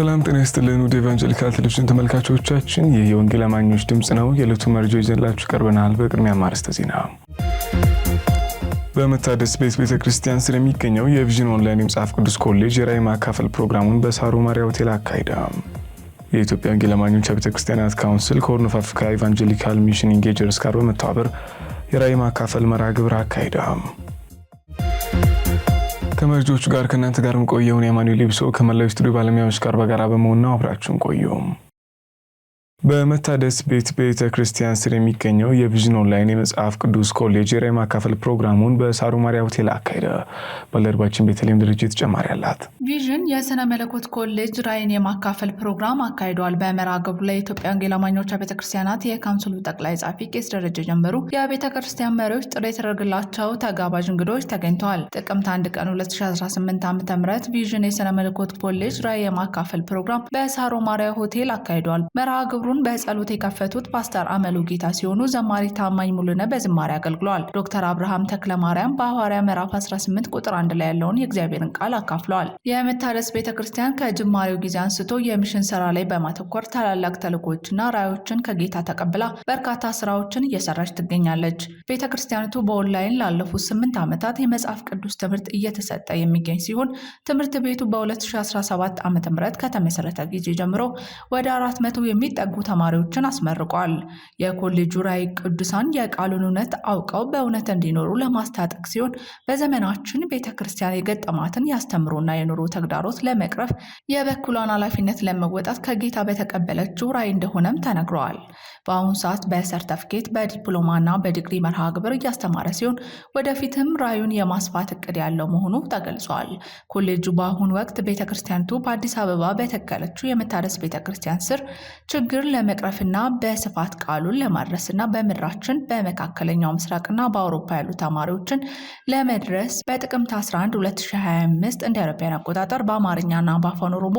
ሰላም ጤና ይስጥልን ውድ ኤቫንጀሊካል ቴሌቪዥን ተመልካቾቻችን፣ ይህ የወንጌል አማኞች ድምፅ ነው። የዕለቱ መረጃ ይዘንላችሁ ቀርበናል። በቅድሚያ ማርስተ ዜና በመታደስ ቤት ቤተ ክርስቲያን ስር የሚገኘው የቪዥን ኦንላይን የመጽሐፍ ቅዱስ ኮሌጅ የራዕይ ማካፈል ፕሮግራሙን በሳሮ ማሪያ ሆቴል አካሂደ። የኢትዮጵያ ወንጌል አማኞች ቤተ ክርስቲያናት ካውንስል ከሆርን ኦፍ አፍሪካ ኤቫንጀሊካል ሚሽን ኢንጌጀርስ ጋር በመተባበር የራዕይ ማካፈል መርሃ ግብር አካሂደ። ከመርጆቹ ጋር ከእናንተ ጋር ቆየውን የአማኑኤል ሊብሶ ከመላዊ ስቱዲዮ ባለሙያዎች ጋር በጋራ በመሆን ነው። አብራችሁን ቆየውም በመታደስ ቤት ቤተ ክርስቲያን ስር የሚገኘው የቪዥን ኦንላይን የመጽሐፍ ቅዱስ ኮሌጅ የራዕይ ማካፈል ፕሮግራሙን በሳሩ ማሪያ ሆቴል አካሄደ። ባልደረባችን ቤተልሔም ድርጅት ጨማሪ አላት። ቪዥን የስነ መለኮት ኮሌጅ ራዕይን የማካፈል ፕሮግራም አካሂደዋል። በመርሃ ግብሩ ላይ የኢትዮጵያ ወንጌል አማኞች ቤተ ክርስቲያናት የካውንስሉ ጠቅላይ ጻፊ ቄስ ደረጀ ጀመሩ፣ የቤተ ክርስቲያን መሪዎች፣ ጥሪ የተደረገላቸው ተጋባዥ እንግዶች ተገኝተዋል። ጥቅምት 1 ቀን 2018 ዓ ም ቪዥን የስነ መለኮት ኮሌጅ ራዕይ የማካፈል ፕሮግራም በሳሮ ማሪያ ሆቴል አካሂደዋል። መርሃ ግብሩ በሩን በጸሎት የከፈቱት ፓስተር አመሉ ጌታ ሲሆኑ ዘማሪ ታማኝ ሙሉነ በዝማሬ አገልግለዋል። ዶክተር አብርሃም ተክለ ማርያም በሐዋርያ ምዕራፍ 18 ቁጥር አንድ ላይ ያለውን የእግዚአብሔርን ቃል አካፍለዋል። የመታደስ ቤተ ክርስቲያን ከጅማሬው ጊዜ አንስቶ የሚሽን ስራ ላይ በማተኮር ታላላቅ ተልእኮዎችና ራዮችን ከጌታ ተቀብላ በርካታ ስራዎችን እየሰራች ትገኛለች። ቤተ ክርስቲያኒቱ በኦንላይን ላለፉት ስምንት ዓመታት የመጽሐፍ ቅዱስ ትምህርት እየተሰጠ የሚገኝ ሲሆን ትምህርት ቤቱ በ2017 ዓ ም ከተመሰረተ ጊዜ ጀምሮ ወደ አራት መቶ የሚጠጉ ተማሪዎችን አስመርቋል። የኮሌጁ ራዕይ ቅዱሳን የቃሉን እውነት አውቀው በእውነት እንዲኖሩ ለማስታጠቅ ሲሆን በዘመናችን ቤተ ክርስቲያን የገጠማትን የአስተምሮና የኑሮ ተግዳሮት ለመቅረፍ የበኩሏን ኃላፊነት ለመወጣት ከጌታ በተቀበለችው ራዕይ እንደሆነም ተነግረዋል። በአሁኑ ሰዓት በሰርተፍኬት በዲፕሎማና በዲግሪ መርሃ ግብር እያስተማረ ሲሆን ወደፊትም ራዕዩን የማስፋት እቅድ ያለው መሆኑ ተገልጿል። ኮሌጁ በአሁኑ ወቅት ቤተ ክርስቲያንቱ በአዲስ አበባ በተከለችው የመታደስ ቤተ ክርስቲያን ስር ችግር ለመቅረፍና በስፋት ቃሉን ለማድረስና በምድራችን በመካከለኛው ምስራቅና በአውሮፓ ያሉ ተማሪዎችን ለመድረስ በጥቅምት 11 2025 እንደ አውሮፓውያን አቆጣጠር በአማርኛና በአፋን ኦሮሞ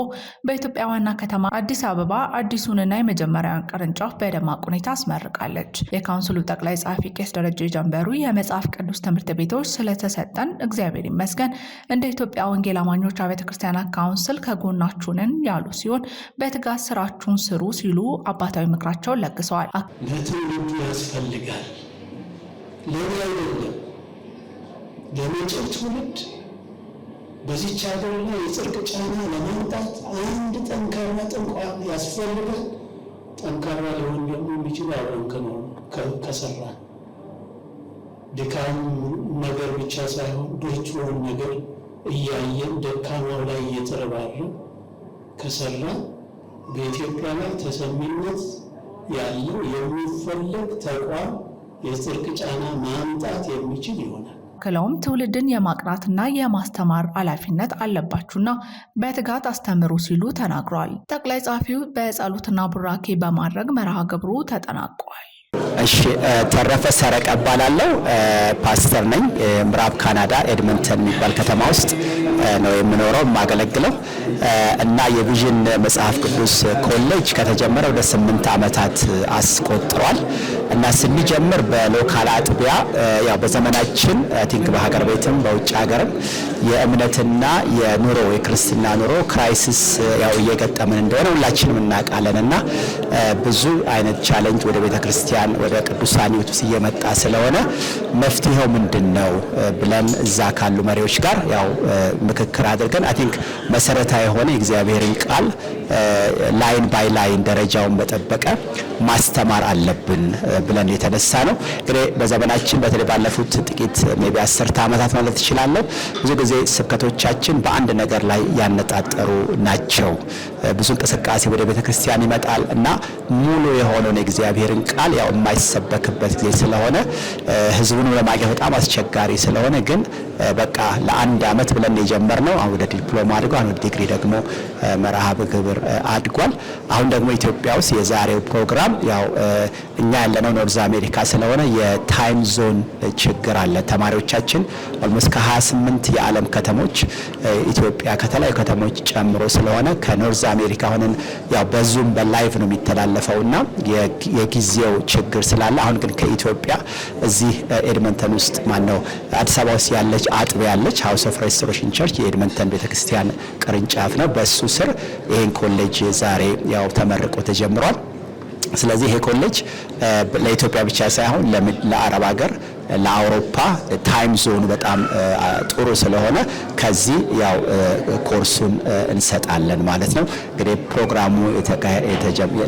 በኢትዮጵያ ዋና ከተማ አዲስ አበባ አዲሱንና የመጀመሪያውን ቅርንጫፍ በደማቅ ሁኔታ አስመርቃለች። የካውንስሉ ጠቅላይ ጸሐፊ ቄስ ደረጀ ጀንበሩ የመጽሐፍ ቅዱስ ትምህርት ቤቶች ስለተሰጠን እግዚአብሔር ይመስገን፣ እንደ ኢትዮጵያ ወንጌል አማኞች አብያተ ክርስቲያናት ካውንስል ከጎናችሁንን ያሉ ሲሆን በትጋት ስራችሁን ስሩ ሲሉ አባታዊ ምክራቸውን ለግሰዋል። ለትውልዱ ያስፈልጋል ለምን አይደለም ለመጪው ትውልድ በዚች ሀገር ላይ የጽድቅ ጫና ለማምጣት አንድ ጠንካራ ጠንቋን ያስፈልጋል። ጠንካራ ሊሆን ደግሞ የሚችል አብረን ከመሆን ከሰራ ድካም ነገር ብቻ ሳይሆን ድርጅሆን ነገር እያየን ደካማው ላይ እየተረባረን ከሰራ በኢትዮጵያ ላይ ተሰሚነት ያለው የሚፈለግ ተቋም የጽድቅ ጫና ማምጣት የሚችል ይሆናል። ክለውም ትውልድን የማቅናትና የማስተማር ኃላፊነት አለባችሁና በትጋት አስተምሩ ሲሉ ተናግረዋል። ጠቅላይ ጸሐፊው በጸሎትና ቡራኬ በማድረግ መርሃ ግብሩ ተጠናቋል። እሺ ተረፈ ሰረቀ እባላለሁ። ፓስተር ነኝ። ምዕራብ ካናዳ ኤድመንተን የሚባል ከተማ ውስጥ ነው የምኖረው የማገለግለው እና የቪዥን መጽሐፍ ቅዱስ ኮሌጅ ከተጀመረ ወደ ስምንት ዓመታት አስቆጥሯል እና ስንጀምር በሎካል አጥቢያ ያው በዘመናችን ቲንክ በሀገር ቤትም በውጭ ሀገርም የእምነትና የኑሮ የክርስትና ኑሮ ክራይሲስ ያው እየገጠምን እንደሆነ ሁላችንም እናውቃለን እና ብዙ አይነት ቻለንጅ ወደ ክርስቲያን ወደ ቅዱሳን ዩቱስ እየመጣ ስለሆነ መፍትሄው ምንድን ነው ብለን እዛ ካሉ መሪዎች ጋር ያው ምክክር አድርገን አይ ቲንክ መሰረታዊ የሆነ የእግዚአብሔርን ቃል ላይን ባይ ላይን ደረጃውን በጠበቀ ማስተማር አለብን ብለን የተነሳ ነው። እንግዲህ በዘመናችን በተለይ ባለፉት ጥቂት ቢ አስርተ ዓመታት ማለት ትችላለህ ብዙ ጊዜ ስብከቶቻችን በአንድ ነገር ላይ ያነጣጠሩ ናቸው። ብዙ እንቅስቃሴ ወደ ቤተክርስቲያን ይመጣል እና ሙሉ የሆነውን የእግዚአብሔርን ቃል ያው የማይሰበክበት ጊዜ ስለሆነ ህዝቡን ለማግኘት በጣም አስቸጋሪ ስለሆነ ግን በቃ ለአንድ አመት ብለን የጀመር ነው። አሁን ወደ ዲፕሎማ አድጓል። አሁን ወደ ዲግሪ ደግሞ መርሃ ግብር አድጓል። አሁን ደግሞ ኢትዮጵያ ውስጥ የዛሬው ፕሮግራም ያው እኛ ያለነው ኖርዝ አሜሪካ ስለሆነ የታይም ዞን ችግር አለ። ተማሪዎቻችን ኦልሞስት ከ28 የዓለም ከተሞች ኢትዮጵያ ከተለያዩ ከተሞች ጨምሮ ስለሆነ ከኖርዝ አሜሪካ ሆነን ያው በዙም በላይቭ ነው የሚተላለፈው የሚተላለፈውና የጊዜው ችግር ችግር ስላለ አሁን ግን ከኢትዮጵያ እዚህ ኤድመንተን ውስጥ ነው አዲስ አበባ ውስጥ ያለች አጥቢ ያለች ሀውስ ኦፍ ሬስቶሬሽን ቸርች የኤድመንተን ቤተክርስቲያን ቅርንጫፍ ነው። በሱ ስር ይህን ኮሌጅ ዛሬ ያው ተመርቆ ተጀምሯል። ስለዚህ ይሄ ኮሌጅ ለኢትዮጵያ ብቻ ሳይሆን ለአረብ ሀገር ለአውሮፓ ታይም ዞን በጣም ጥሩ ስለሆነ ከዚህ ያው ኮርሱን እንሰጣለን ማለት ነው። እንግዲህ ፕሮግራሙ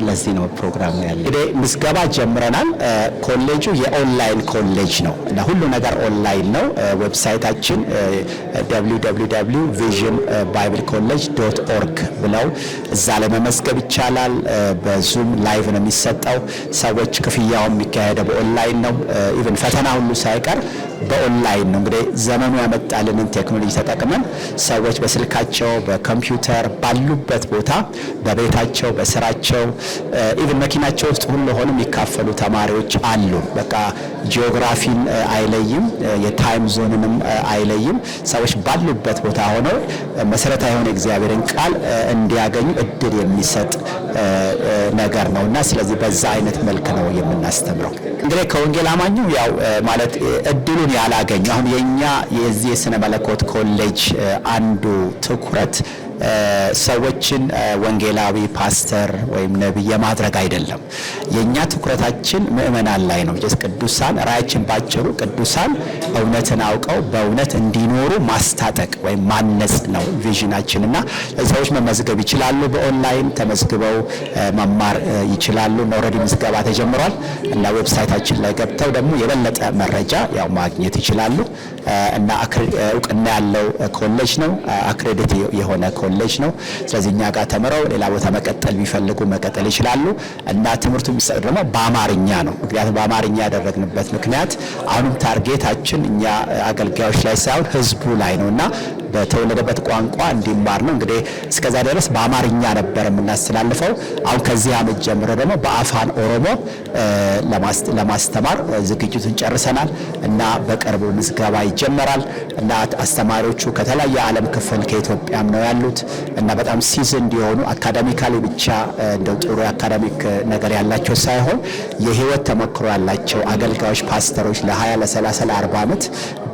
ለዚህ ነው ፕሮግራሙ ያለ። እንግዲህ ምዝገባ ጀምረናል። ኮሌጁ የኦንላይን ኮሌጅ ነው እና ሁሉ ነገር ኦንላይን ነው። ዌብሳይታችን www ቪዥን ባይብል ኮሌጅ ዶት ኦርግ ብለው እዛ ለመመዝገብ ይቻላል። በዙም ላይቭ ነው የሚሰጠው። ሰዎች ክፍያው የሚካሄደው በኦንላይን ነው። ኢቨን ፈተና ሁሉ ሳይቀር በኦንላይን ነው። እንግዲህ ዘመኑ ያመጣልንን ቴክኖሎጂ ተጠቅመን ሰዎች በስልካቸው፣ በኮምፒውተር ባሉበት ቦታ በቤታቸው፣ በስራቸው ኢቭን መኪናቸው ውስጥ ሁሉ ሆኖ የሚካፈሉ ተማሪዎች አሉ። በቃ ጂኦግራፊን አይለይም፣ የታይም ዞንንም አይለይም። ሰዎች ባሉበት ቦታ ሆነው መሰረታዊ የሆነ እግዚአብሔርን ቃል እንዲያገኙ እድል የሚሰጥ ነገር ነው እና ስለዚህ በዛ አይነት መልክ ነው የምናስተምረው። እንግዲህ ከወንጌል አማኙ ያው ማለት እድሉን ያላገኙ አሁን የኛ የዚህ የስነ መለኮት ኮሌጅ አንዱ ትኩረት ሰዎችን ወንጌላዊ ፓስተር ወይም ነቢይ የማድረግ አይደለም። የእኛ ትኩረታችን ምእመናን ላይ ነው። ቅዱሳን ራያችን ባጭሩ ቅዱሳን እውነትን አውቀው በእውነት እንዲኖሩ ማስታጠቅ ወይም ማነጽ ነው ቪዥናችን እና ሰዎች መመዝገብ ይችላሉ። በኦንላይን ተመዝግበው መማር ይችላሉ። ኦልሬዲ ምዝገባ ተጀምሯል እና ዌብሳይታችን ላይ ገብተው ደግሞ የበለጠ መረጃ ያው ማግኘት ይችላሉ። እና እውቅና ያለው ኮሌጅ ነው። አክሬዲት የሆነ ኮሌጅ ነው። ስለዚህ እኛ ጋር ተምረው ሌላ ቦታ መቀጠል ቢፈልጉ መቀጠል ይችላሉ እና ትምህርቱ የሚሰጥ ደግሞ በአማርኛ ነው። ምክንያቱም በአማርኛ ያደረግንበት ምክንያት አሁንም ታርጌታችን እኛ አገልጋዮች ላይ ሳይሆን ህዝቡ ላይ ነው እና በተወለደበት ቋንቋ እንዲማር ነው። እንግዲህ እስከዛ ድረስ በአማርኛ ነበር የምናስተላልፈው። አሁን ከዚህ ዓመት ጀምሮ ደግሞ በአፋን ኦሮሞ ለማስተማር ዝግጅቱን ጨርሰናል እና በቅርቡ ምዝገባ ይጀመራል እና አስተማሪዎቹ ከተለያየ ዓለም ክፍል ከኢትዮጵያም ነው ያሉት እና በጣም ሲዝ እንዲሆኑ አካዳሚካሊ ብቻ እንደው ጥሩ አካዳሚክ ነገር ያላቸው ሳይሆን የህይወት ተሞክሮ ያላቸው አገልጋዮች ፓስተሮች ለ20 ለ30 ለ40 ዓመት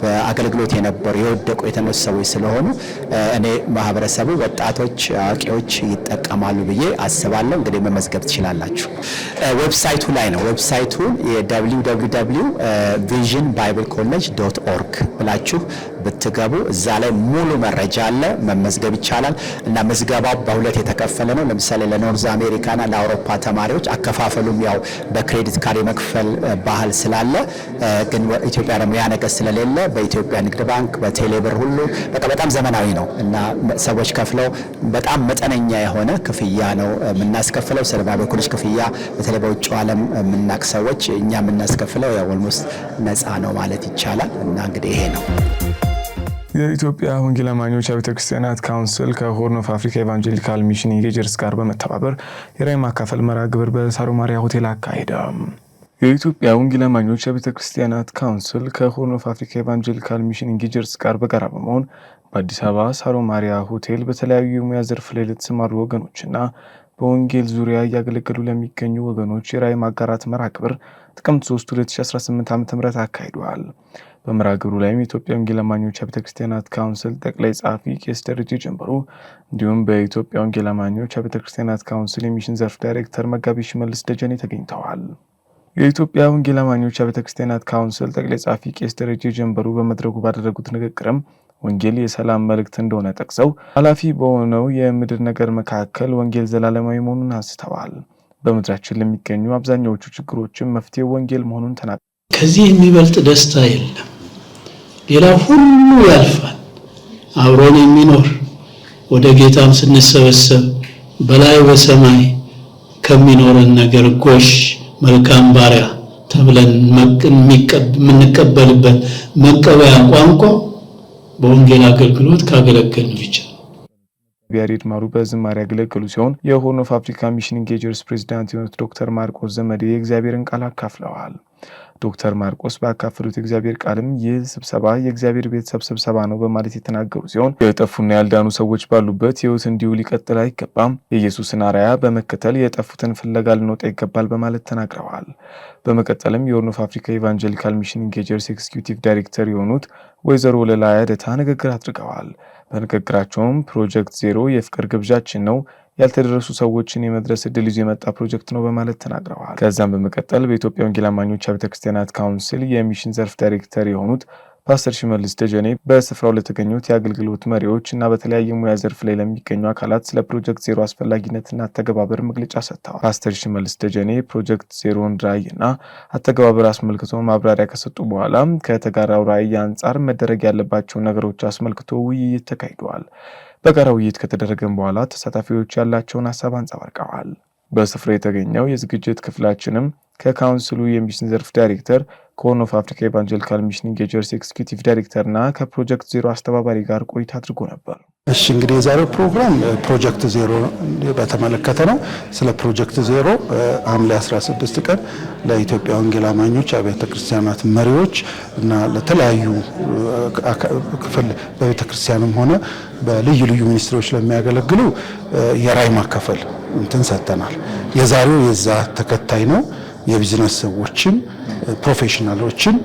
በአገልግሎት የነበሩ የወደቁ የተመሰቦች ስለሆኑ እኔ ማህበረሰቡ፣ ወጣቶች፣ አዋቂዎች ይጠቀማሉ ብዬ አስባለሁ። እንግዲህ መመዝገብ ትችላላችሁ። ዌብሳይቱ ላይ ነው። ዌብሳይቱ ቪዥን ባይብል ኮሌጅ ዶት ኦርግ ብላችሁ ብትገቡ እዛ ላይ ሙሉ መረጃ አለ፣ መመዝገብ ይቻላል እና ምዝገባው በሁለት የተከፈለ ነው። ለምሳሌ ለኖርዝ አሜሪካና ለአውሮፓ ተማሪዎች አከፋፈሉም ያው በክሬዲት ካርድ የመክፈል ባህል ስላለ ግን ኢትዮጵያ ደግሞ ያ ነገር ስለሌለ በኢትዮጵያ ንግድ ባንክ በቴሌብር ሁሉ በቃ በጣም ዘመናዊ ነው እና ሰዎች ከፍለው በጣም መጠነኛ የሆነ ክፍያ ነው የምናስከፍለው። ስለባ በኩሎች ክፍያ በተለይ በውጭ ዓለም የምናቅ ሰዎች እኛ የምናስከፍለው ኦልሞስት ነፃ ነው ማለት ይቻላል እና እንግዲህ ይሄ ነው። የኢትዮጵያ ወንጌል አማኞች አብያተ ክርስቲያናት ካውንስል ከሆርን ኦፍ አፍሪካ ኤቫንጀሊካል ሚሽን ኢንጌጀርስ ጋር በመተባበር የራይ ማካፈል መርሃ ግብር በሳሮ ማሪያ ሆቴል አካሄደ። የኢትዮጵያ ወንጌል አማኞች አብያተ ክርስቲያናት ካውንስል ከሆርን ኦፍ አፍሪካ ኤቫንጀሊካል ሚሽን ኢንጌጀርስ ጋር በጋራ በመሆን በአዲስ አበባ ሳሮ ማሪያ ሆቴል በተለያዩ የሙያ ዘርፍ ላይ ለተሰማሩ ወገኖችና በወንጌል ዙሪያ እያገለገሉ ለሚገኙ ወገኖች የራዕይ ማጋራት መርሃ ግብር ጥቅምት 3 2018 ዓ ም አካሂደዋል። በመርሃ ግብሩ ላይም የኢትዮጵያ ወንጌል አማኞች ቤተ ክርስቲያናት ካውንስል ጠቅላይ ጸሐፊ ቄስ ደረጀ እንዲሁም በኢትዮጵያ ወንጌል አማኞች ቤተ ክርስቲያናት ካውንስል የሚሽን ዘርፍ ዳይሬክተር መጋቢ ሽመልስ ደጀኔ ተገኝተዋል። የኢትዮጵያ ወንጌል አማኞች ቤተ ክርስቲያናት ካውንስል ጠቅላይ ጸሐፊ ቄስ ደረጀ ጀንበሩ በመድረኩ ባደረጉት ንግግርም ወንጌል የሰላም መልእክት እንደሆነ ጠቅሰው ኃላፊ በሆነው የምድር ነገር መካከል ወንጌል ዘላለማዊ መሆኑን አንስተዋል። በምድራችን ለሚገኙ አብዛኛዎቹ ችግሮችን መፍትሄ ወንጌል መሆኑን ተናግረዋል። ከዚህ የሚበልጥ ደስታ የለም። ሌላ ሁሉ ያልፋል። አብሮን የሚኖር ወደ ጌታም ስንሰበሰብ በላይ በሰማይ ከሚኖረን ነገር ጎሽ መልካም ባሪያ ተብለን የምንቀበልበት መቀበያ ቋንቋ በወንጌል አገልግሎት ካገለገልን ብቻ ቢያሬድ ማሩ በዝማሬ ያገለገሉ ሲሆን የሆርን ኦፍ አፍሪካ ሚሽን ኢንጌጀርስ ፕሬዚዳንት የሆኑት ዶክተር ማርቆስ ዘመዴ የእግዚአብሔርን ቃል አካፍለዋል። ዶክተር ማርቆስ ባካፈሉት የእግዚአብሔር ቃልም ይህ ስብሰባ የእግዚአብሔር ቤተሰብ ስብሰባ ነው በማለት የተናገሩ ሲሆን የጠፉና ያልዳኑ ሰዎች ባሉበት ሕይወት እንዲሁ ሊቀጥል አይገባም፣ የኢየሱስን አርአያ በመከተል የጠፉትን ፍለጋ ልንወጣ ይገባል በማለት ተናግረዋል። በመቀጠልም የሆርን ኦፍ አፍሪካ ኢቫንጀሊካል ሚሽን ኢንጌጀርስ ኤክስኪዩቲቭ ዳይሬክተር የሆኑት ወይዘሮ ወለላ ያደታ ንግግር አድርገዋል። በንግግራቸውም ፕሮጀክት ዜሮ የፍቅር ግብዣችን ነው ያልተደረሱ ሰዎችን የመድረስ እድል ይዞ የመጣ ፕሮጀክት ነው በማለት ተናግረዋል። ከዚያም በመቀጠል በኢትዮጵያ ወንጌል አማኞች ቤተክርስቲያናት ካውንስል የሚሽን ዘርፍ ዳይሬክተር የሆኑት ፓስተር ሽመልስ ደጀኔ በስፍራው ለተገኙት የአገልግሎት መሪዎች እና በተለያየ ሙያ ዘርፍ ላይ ለሚገኙ አካላት ስለ ፕሮጀክት ዜሮ አስፈላጊነትና አተገባበር መግለጫ ሰጥተዋል። ፓስተር ሽመልስ ደጀኔ ፕሮጀክት ዜሮን ራዕይ እና አተገባበር አስመልክቶ ማብራሪያ ከሰጡ በኋላ ከተጋራው ራዕይ አንጻር መደረግ ያለባቸው ነገሮች አስመልክቶ ውይይት ተካሂደዋል። በጋራ ውይይት ከተደረገም በኋላ ተሳታፊዎች ያላቸውን ሀሳብ አንጸባርቀዋል። በስፍራው የተገኘው የዝግጅት ክፍላችንም ከካውንስሉ የሚሽን ዘርፍ ዳይሬክተር ከሆርን ኦፍ አፍሪካ ኤቫንጀሊካል ሚሽን ኢንጌጀርስ ኤክስኪዩቲቭ ዳይሬክተር እና ከፕሮጀክት ዜሮ አስተባባሪ ጋር ቆይታ አድርጎ ነበር። እሺ እንግዲህ የዛሬው ፕሮግራም ፕሮጀክት ዜሮ በተመለከተ ነው። ስለ ፕሮጀክት ዜሮ ሐምሌ 16 ቀን ለኢትዮጵያ ወንጌል አማኞች አብያተ ክርስቲያናት መሪዎች እና ለተለያዩ ክፍል በቤተ ክርስቲያንም ሆነ በልዩ ልዩ ሚኒስትሮች ለሚያገለግሉ የራይ ማካፈል እንትን ሰጥተናል። የዛሬው የዛ ተከታይ ነው። የቢዝነስ ሰዎችም ፕሮፌሽናሎችም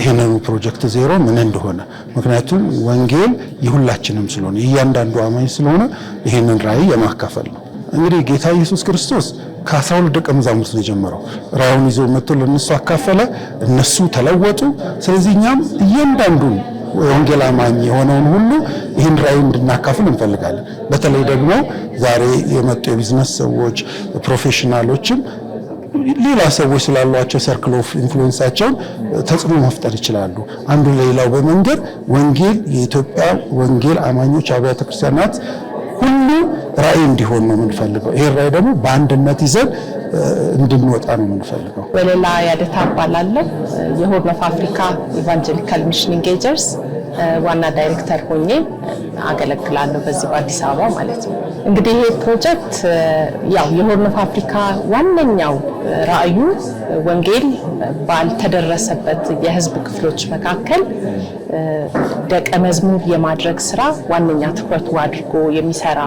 ይህንኑ ፕሮጀክት ዜሮ ምን እንደሆነ ምክንያቱም ወንጌል የሁላችንም ስለሆነ እያንዳንዱ አማኝ ስለሆነ ይህንን ራይ የማካፈል ነው። እንግዲህ ጌታ ኢየሱስ ክርስቶስ ከአስራ ሁለት ደቀ መዛሙርት ነው የጀመረው። ራዕዩን ይዞ መጥቶ ለእነሱ አካፈለ፣ እነሱ ተለወጡ። ስለዚህ እኛም እያንዳንዱን ወንጌል አማኝ የሆነውን ሁሉ ይህን ራዕይ እንድናካፍል እንፈልጋለን። በተለይ ደግሞ ዛሬ የመጡ የቢዝነስ ሰዎች ፕሮፌሽናሎችም ሌላ ሰዎች ስላሏቸው ሰርክል ኦፍ ኢንፍሉዌንሳቸውን ተጽዕኖ መፍጠር ይችላሉ። አንዱ ለሌላው በመንገድ ወንጌል የኢትዮጵያ ወንጌል አማኞች አብያተ ክርስቲያናት ሁሉ ራዕይ እንዲሆን ነው የምንፈልገው። ይሄ ራዕይ ደግሞ በአንድነት ይዘን እንድንወጣ ነው የምንፈልገው። በሌላ ያደታ እባላለሁ የሆርን ኦፍ አፍሪካ ኢቫንጀሊካል ሚሽን ኢንጌጀርስ ዋና ዳይሬክተር ሆኜ አገለግላለሁ በዚህ በአዲስ አበባ ማለት ነው። እንግዲህ ይሄ ፕሮጀክት ያው የሆርን ኦፍ አፍሪካ ዋነኛው ራዕዩ ወንጌል ባልተደረሰበት የህዝብ ክፍሎች መካከል ደቀ መዝሙር የማድረግ ስራ ዋነኛ ትኩረቱ አድርጎ የሚሰራ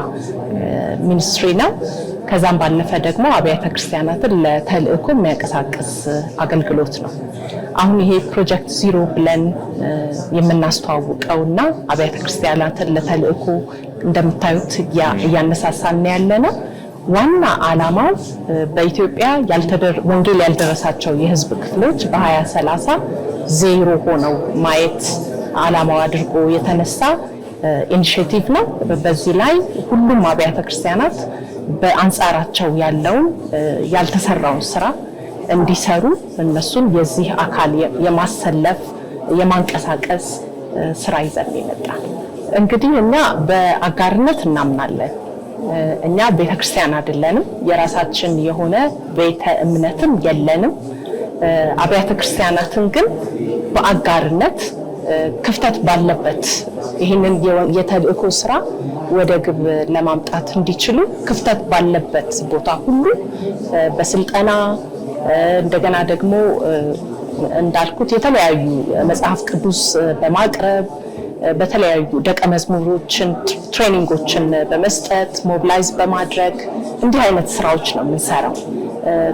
ሚኒስትሪ ነው። ከዛም ባለፈ ደግሞ አብያተ ክርስቲያናትን ለተልእኮ የሚያንቀሳቅስ አገልግሎት ነው። አሁን ይሄ ፕሮጀክት ዚሮ ብለን የምናስተዋውቀው እና አብያተ ክርስቲያናትን ለተልእኮ እንደምታዩት እያነሳሳን ያለ ነው። ዋና ዓላማው በኢትዮጵያ ወንጌል ያልደረሳቸው የህዝብ ክፍሎች በ2030 ዜሮ ሆነው ማየት ዓላማው አድርጎ የተነሳ ኢኒሽቲቭ ነው። በዚህ ላይ ሁሉም አብያተ ክርስቲያናት በአንጻራቸው ያለውን ያልተሰራውን ስራ እንዲሰሩ እነሱን የዚህ አካል የማሰለፍ የማንቀሳቀስ ስራ ይዘን ይመጣል። እንግዲህ እኛ በአጋርነት እናምናለን። እኛ ቤተክርስቲያን አይደለንም። የራሳችን የሆነ ቤተ እምነትም የለንም። አብያተ ክርስቲያናትን ግን በአጋርነት ክፍተት ባለበት ይህንን የተልእኮ ስራ ወደ ግብ ለማምጣት እንዲችሉ ክፍተት ባለበት ቦታ ሁሉ በስልጠና እንደገና ደግሞ እንዳልኩት የተለያዩ መጽሐፍ ቅዱስ በማቅረብ በተለያዩ ደቀ መዝሙሮችን ትሬኒንጎችን በመስጠት ሞቢላይዝ በማድረግ እንዲህ አይነት ስራዎች ነው የምንሰራው።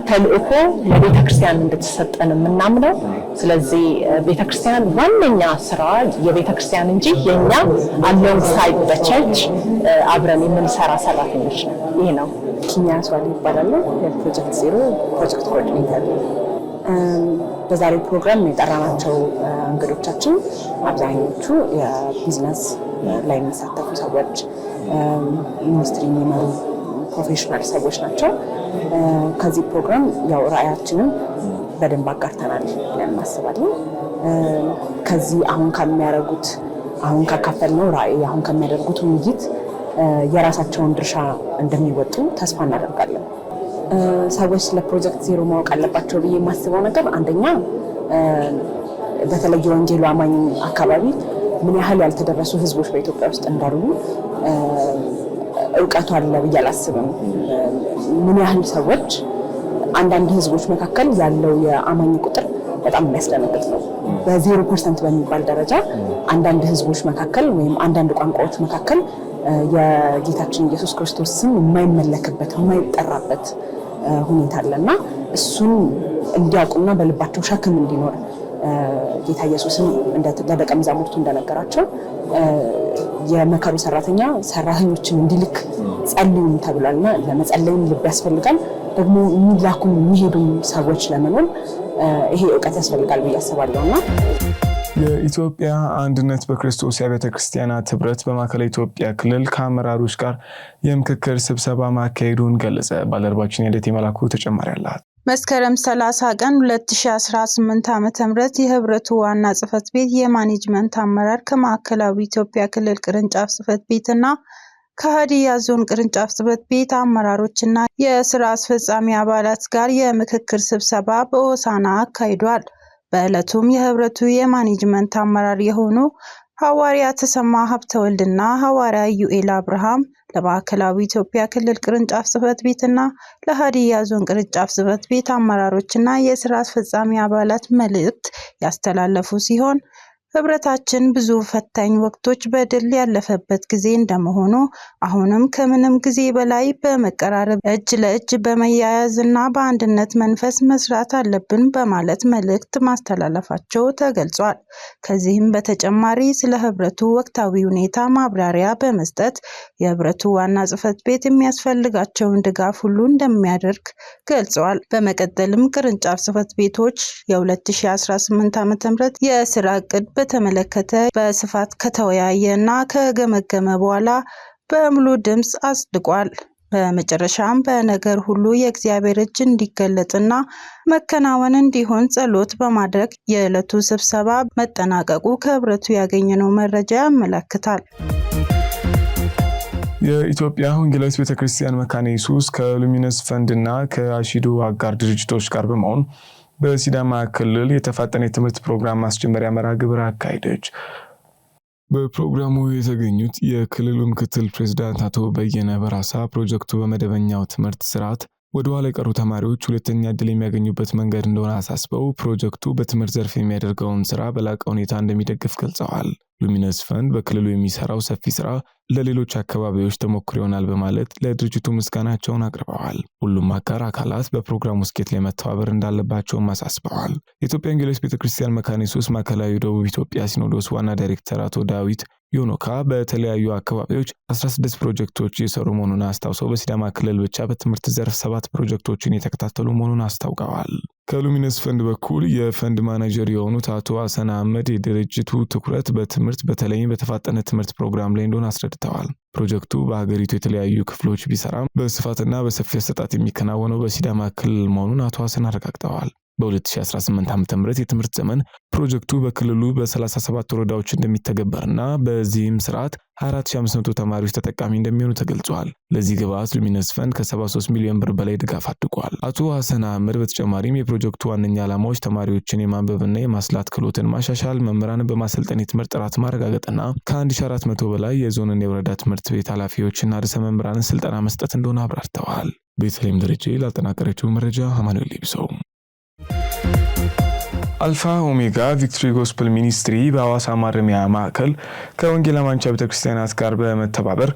ተልእኮ ለቤተ ክርስቲያን እንደተሰጠን የምናምነው። ስለዚህ ቤተ ክርስቲያን ዋነኛ ስራ የቤተ ክርስቲያን እንጂ የእኛ አለውን በቸርች አብረን የምንሰራ ሰራተኞች ነው። ይህ ነው። ኪኛ ስዋል ይባላሉ። የፕሮጀክት ዜሮ ፕሮጀክት ኮኦርዲኔተር። በዛሬው ፕሮግራም የጠራናቸው እንግዶቻችን አብዛኞቹ የቢዝነስ ላይ የሚሳተፉ ሰዎች፣ ኢንዱስትሪ የሚመሩ ፕሮፌሽናል ሰዎች ናቸው። ከዚህ ፕሮግራም ያው ራዕያችንን በደንብ አጋርተናል ብለን እናስባለን። ከዚህ አሁን ከሚያደርጉት አሁን ካካፈልነው ራዕይ አሁን ከሚያደርጉት ውይይት የራሳቸውን ድርሻ እንደሚወጡ ተስፋ እናደርጋለን። ሰዎች ስለ ፕሮጀክት ዜሮ ማወቅ አለባቸው ብዬ የማስበው ነገር አንደኛ በተለይ የወንጌሉ አማኝ አካባቢ ምን ያህል ያልተደረሱ ህዝቦች በኢትዮጵያ ውስጥ እንዳሉ እውቀቱ አለ ብዬ አላስብም። ምን ያህል ሰዎች አንዳንድ ህዝቦች መካከል ያለው የአማኝ ቁጥር በጣም የሚያስደነግጥ ነው። በዜሮ ፐርሰንት በሚባል ደረጃ አንዳንድ ህዝቦች መካከል ወይም አንዳንድ ቋንቋዎች መካከል የጌታችን ኢየሱስ ክርስቶስ ስም የማይመለክበት የማይጠራበት ሁኔታ አለና እሱን እንዲያውቁና በልባቸው ሸክም እንዲኖር ጌታ ኢየሱስም ለደቀ መዛሙርቱ እንደነገራቸው የመከሩ ሰራተኛ ሰራተኞችን እንዲልክ ጸልዩም ተብሏልና ለመጸለይም ልብ ያስፈልጋል። ደግሞ የሚላኩም የሚሄዱም ሰዎች ለመኖር ይሄ እውቀት ያስፈልጋል ብዬ አስባለሁና የኢትዮጵያ አንድነት በክርስቶስ የአብያተ ክርስቲያናት ህብረት በማዕከላዊ ኢትዮጵያ ክልል ከአመራሮች ጋር የምክክር ስብሰባ ማካሄዱን ገለጸ። ባልደረባችን የደት የመላኩ ተጨማሪ አላት። መስከረም 30 ቀን 2018 ም የህብረቱ ዋና ጽህፈት ቤት የማኔጅመንት አመራር ከማዕከላዊ ኢትዮጵያ ክልል ቅርንጫፍ ጽህፈት ቤትና ከሀዲያ ዞን ቅርንጫፍ ጽህፈት ቤት አመራሮችና የስራ አስፈጻሚ አባላት ጋር የምክክር ስብሰባ በሆሳዕና አካሂዷል። በዕለቱም የህብረቱ የማኔጅመንት አመራር የሆኑ ሐዋርያ ተሰማ ሀብተወልድና ሐዋርያ ዩኤል አብርሃም ለማዕከላዊ ኢትዮጵያ ክልል ቅርንጫፍ ጽህፈት ቤትና ለሀዲያ ዞን ቅርንጫፍ ጽህፈት ቤት አመራሮችና የስራ አስፈጻሚ አባላት መልእክት ያስተላለፉ ሲሆን ህብረታችን ብዙ ፈታኝ ወቅቶች በድል ያለፈበት ጊዜ እንደመሆኑ አሁንም ከምንም ጊዜ በላይ በመቀራረብ እጅ ለእጅ በመያያዝ እና በአንድነት መንፈስ መስራት አለብን በማለት መልእክት ማስተላለፋቸው ተገልጿል። ከዚህም በተጨማሪ ስለ ህብረቱ ወቅታዊ ሁኔታ ማብራሪያ በመስጠት የህብረቱ ዋና ጽህፈት ቤት የሚያስፈልጋቸውን ድጋፍ ሁሉ እንደሚያደርግ ገልጸዋል። በመቀጠልም ቅርንጫፍ ጽህፈት ቤቶች የ2018 ዓ.ም የስራ እቅድ በተመለከተ በስፋት ከተወያየ እና ከገመገመ በኋላ በሙሉ ድምፅ አጽድቋል። በመጨረሻም በነገር ሁሉ የእግዚአብሔር እጅ እንዲገለጥና መከናወን እንዲሆን ጸሎት በማድረግ የዕለቱ ስብሰባ መጠናቀቁ ከህብረቱ ያገኘነው መረጃ ያመለክታል። የኢትዮጵያ ወንጌላዊት ቤተክርስቲያን መካነ ኢየሱስ ከሉሚነስ ፈንድና ከአሺዶ አጋር ድርጅቶች ጋር በመሆን በሲዳማ ክልል የተፋጠነ የትምህርት ፕሮግራም ማስጀመሪያ መርሃ ግብር አካሄደች። በፕሮግራሙ የተገኙት የክልሉ ምክትል ፕሬዚዳንት አቶ በየነ በራሳ ፕሮጀክቱ በመደበኛው ትምህርት ስርዓት ኋላ የቀሩ ተማሪዎች ሁለተኛ ዕድል የሚያገኙበት መንገድ እንደሆነ አሳስበው ፕሮጀክቱ በትምህርት ዘርፍ የሚያደርገውን ስራ በላቀ ሁኔታ እንደሚደግፍ ገልጸዋል። ሉሚነስ ፈንድ በክልሉ የሚሰራው ሰፊ ስራ ለሌሎች አካባቢዎች ተሞክሮ ይሆናል በማለት ለድርጅቱ ምስጋናቸውን አቅርበዋል። ሁሉም አጋር አካላት በፕሮግራሙ ስኬት ላይ መተባበር እንዳለባቸውም አሳስበዋል። የኢትዮጵያ ወንጌላዊት ቤተክርስቲያን መካነ ኢየሱስ ማዕከላዊ ደቡብ ኢትዮጵያ ሲኖዶስ ዋና ዳይሬክተር አቶ ዳዊት ዩኖካ በተለያዩ አካባቢዎች 16 ፕሮጀክቶች እየሰሩ መሆኑን አስታውሰው በሲዳማ ክልል ብቻ በትምህርት ዘርፍ ሰባት ፕሮጀክቶችን የተከታተሉ መሆኑን አስታውቀዋል። ከሉሚነስ ፈንድ በኩል የፈንድ ማናጀር የሆኑት አቶ አሰን አህመድ የድርጅቱ ትኩረት በትምህርት በተለይም በተፋጠነ ትምህርት ፕሮግራም ላይ እንደሆነ አስረድተዋል። ፕሮጀክቱ በሀገሪቱ የተለያዩ ክፍሎች ቢሰራም በስፋትና በሰፊ አሰጣጥ የሚከናወነው በሲዳማ ክልል መሆኑን አቶ አሰን አረጋግጠዋል። በ2018 ዓ ም የትምህርት ዘመን ፕሮጀክቱ በክልሉ በ37 ወረዳዎች እንደሚተገበርና በዚህም ስርዓት 4500 ተማሪዎች ተጠቃሚ እንደሚሆኑ ተገልጿል። ለዚህ ግብአት ሉሚነስ ፈንድ ከ73 ሚሊዮን ብር በላይ ድጋፍ አድርጓል። አቶ ሀሰን አህመድ በተጨማሪም የፕሮጀክቱ ዋነኛ ዓላማዎች ተማሪዎችን የማንበብና የማስላት ክህሎትን ማሻሻል፣ መምህራንን በማሰልጠን የትምህርት ጥራት ማረጋገጥና ከ1400 በላይ የዞንን የወረዳ ትምህርት ቤት ኃላፊዎችና ርዕሰ መምህራንን ስልጠና መስጠት እንደሆነ አብራርተዋል። ቤተልሔም ደረጀ ላጠናቀረችው መረጃ አማኑኤል ሊብሰው አልፋ ኦሜጋ ቪክቶሪ ጎስፕል ሚኒስትሪ በሐዋሳ ማረሚያ ማዕከል ከወንጌል አማኞች ቤተ ክርስቲያናት ጋር በመተባበር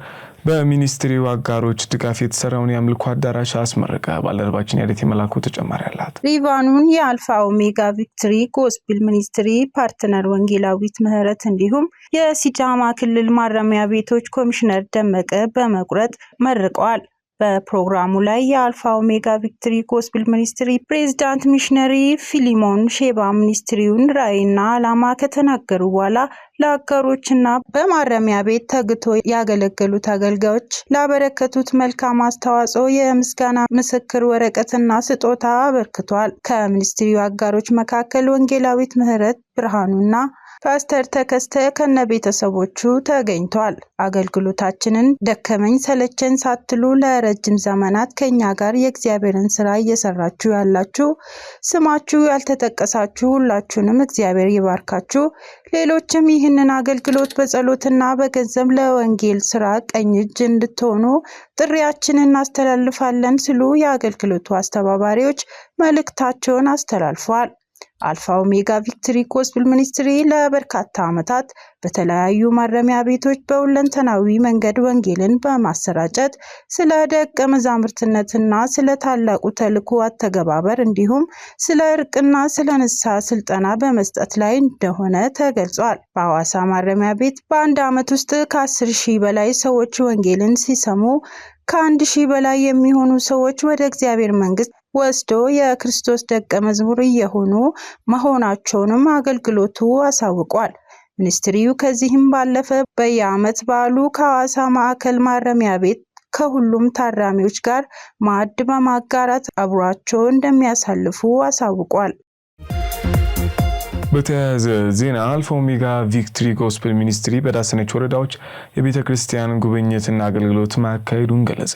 በሚኒስትሪው አጋሮች ድጋፍ የተሰራውን የአምልኮ አዳራሽ አስመረቀ። ባልደረባችን ያደት የመላኩ ተጨማሪ አላት። ሪቫኑን የአልፋ ኦሜጋ ቪክትሪ ጎስፒል ሚኒስትሪ ፓርትነር ወንጌላዊት ምህረት እንዲሁም የሲዳማ ክልል ማረሚያ ቤቶች ኮሚሽነር ደመቀ በመቁረጥ መርቀዋል። በፕሮግራሙ ላይ የአልፋ ኦሜጋ ቪክትሪ ጎስፔል ሚኒስትሪ ፕሬዚዳንት ሚሽነሪ ፊሊሞን ሼባ ሚኒስትሪውን ራዕይና ዓላማ ከተናገሩ በኋላ ለአጋሮችና በማረሚያ ቤት ተግቶ ያገለገሉት አገልጋዮች ላበረከቱት መልካም አስተዋጽኦ የምስጋና ምስክር ወረቀትና ስጦታ አበርክቷል። ከሚኒስትሪው አጋሮች መካከል ወንጌላዊት ምህረት ብርሃኑና ፓስተር ተከስተ ከነቤተሰቦቹ ተገኝቷል። አገልግሎታችንን ደከመኝ ሰለቸን ሳትሉ ለረጅም ዘመናት ከኛ ጋር የእግዚአብሔርን ስራ እየሰራችሁ ያላችሁ ስማችሁ ያልተጠቀሳችሁ ሁላችሁንም እግዚአብሔር ይባርካችሁ። ሌሎችም ይህንን አገልግሎት በጸሎትና በገንዘብ ለወንጌል ስራ ቀኝ እጅ እንድትሆኑ ጥሪያችንን እናስተላልፋለን ሲሉ የአገልግሎቱ አስተባባሪዎች መልእክታቸውን አስተላልፏል። አልፋ ኦሜጋ ቪክትሪ ኮስፕል ሚኒስትሪ ለበርካታ ዓመታት በተለያዩ ማረሚያ ቤቶች በሁለንተናዊ መንገድ ወንጌልን በማሰራጨት ስለ ደቀ መዛሙርትነትና ስለ ታላቁ ተልዕኮ አተገባበር እንዲሁም ስለ እርቅና ስለ ንስሐ ስልጠና በመስጠት ላይ እንደሆነ ተገልጿል። በሐዋሳ ማረሚያ ቤት በአንድ ዓመት ውስጥ ከአስር ሺህ በላይ ሰዎች ወንጌልን ሲሰሙ ከአንድ ሺህ በላይ የሚሆኑ ሰዎች ወደ እግዚአብሔር መንግስት ወስዶ የክርስቶስ ደቀ መዝሙር እየሆኑ መሆናቸውንም አገልግሎቱ አሳውቋል። ሚኒስትሪው ከዚህም ባለፈ በየዓመት በዓሉ ከሐዋሳ ማዕከል ማረሚያ ቤት ከሁሉም ታራሚዎች ጋር ማዕድ በማጋራት አብሯቸው እንደሚያሳልፉ አሳውቋል። በተያያዘ ዜና አልፋ ኦሜጋ ቪክትሪ ጎስፕል ሚኒስትሪ በዳሰነች ወረዳዎች የቤተ ክርስቲያን ጉብኝትና አገልግሎት ማካሄዱን ገለጸ።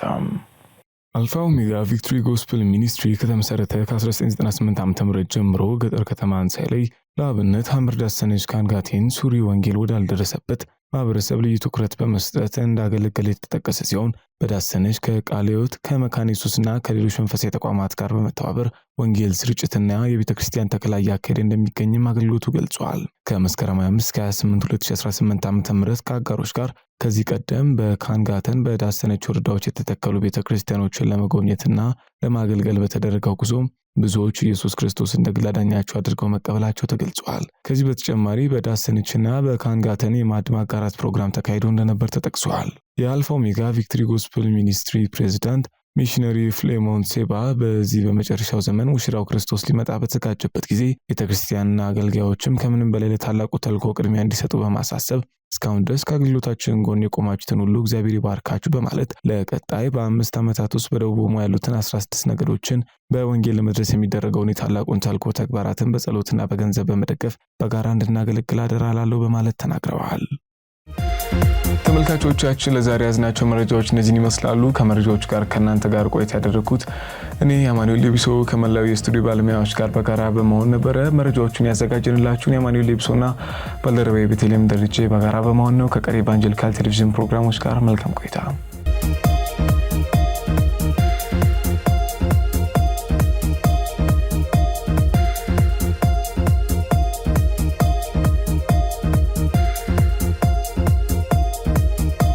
አልፋ ኦሜጋ ቪክቶሪ ጎስፕል ሚኒስትሪ ከተመሰረተ ከ1998 ዓ ም ጀምሮ ገጠር ከተማ አንሳይ ላይ ለአብነት ሐመር ዳሰነች ካንጋቴን ሱሪ ወንጌል ወዳልደረሰበት ማህበረሰብ ልዩ ትኩረት በመስጠት እንዳገለገለ የተጠቀሰ ሲሆን በዳሰነች ከቃሌዎት ከመካኒሱስ ከመካነ ከሌሎች መንፈሳዊ ተቋማት ጋር በመተባበር ወንጌል ስርጭትና የቤተ ክርስቲያን ተከላ እያካሄደ እንደሚገኝም አገልግሎቱ ገልጿል። ከመስከረም 25 28 2018 ዓ ም ከአጋሮች ጋር ከዚህ ቀደም በካንጋተን በዳሰነች ወረዳዎች የተተከሉ ቤተ ክርስቲያኖችን ለመጎብኘትና ለማገልገል በተደረገው ጉዞም ብዙዎች ኢየሱስ ክርስቶስ እንደ ግል አዳኛቸው አድርገው መቀበላቸው ተገልጿል። ከዚህ በተጨማሪ በዳሰነችና በካንጋተን የማድማ የማጣራት ፕሮግራም ተካሂዶ እንደነበር ተጠቅሷል። የአልፋ ኦሜጋ ቪክትሪ ጎስፕል ሚኒስትሪ ፕሬዚዳንት ሚሽነሪ ፍሌሞን ሴባ በዚህ በመጨረሻው ዘመን ሙሽራው ክርስቶስ ሊመጣ በተዘጋጀበት ጊዜ ቤተክርስቲያንና አገልጋዮችም ከምንም በላይ ለታላቁ ተልኮ ቅድሚያ እንዲሰጡ በማሳሰብ እስካሁን ድረስ ከአገልግሎታችን ጎን የቆማችሁትን ሁሉ እግዚአብሔር ይባርካችሁ በማለት ለቀጣይ በአምስት ዓመታት ውስጥ በደቡብ ኦሞ ያሉትን 16 ነገዶችን በወንጌል ለመድረስ የሚደረገውን የታላቁን ተልኮ ተግባራትን በጸሎትና በገንዘብ በመደገፍ በጋራ እንድናገለግል አደራ ላለው በማለት ተናግረዋል። ተመልካቾቻችን ለዛሬ ያዝናቸው መረጃዎች እነዚህን ይመስላሉ። ከመረጃዎች ጋር ከእናንተ ጋር ቆይታ ያደረግኩት እኔ የአማኑኤል ሌቢሶ ከመላው የስቱዲዮ ባለሙያዎች ጋር በጋራ በመሆን ነበረ። መረጃዎቹን ያዘጋጀንላችሁን የአማኑኤል ሌቢሶና ባልደረባዬ ቤተልሔም ደረጀ በጋራ በመሆን ነው። ከቀሪ ኢቫንጀሊካል ቴሌቪዥን ፕሮግራሞች ጋር መልካም ቆይታ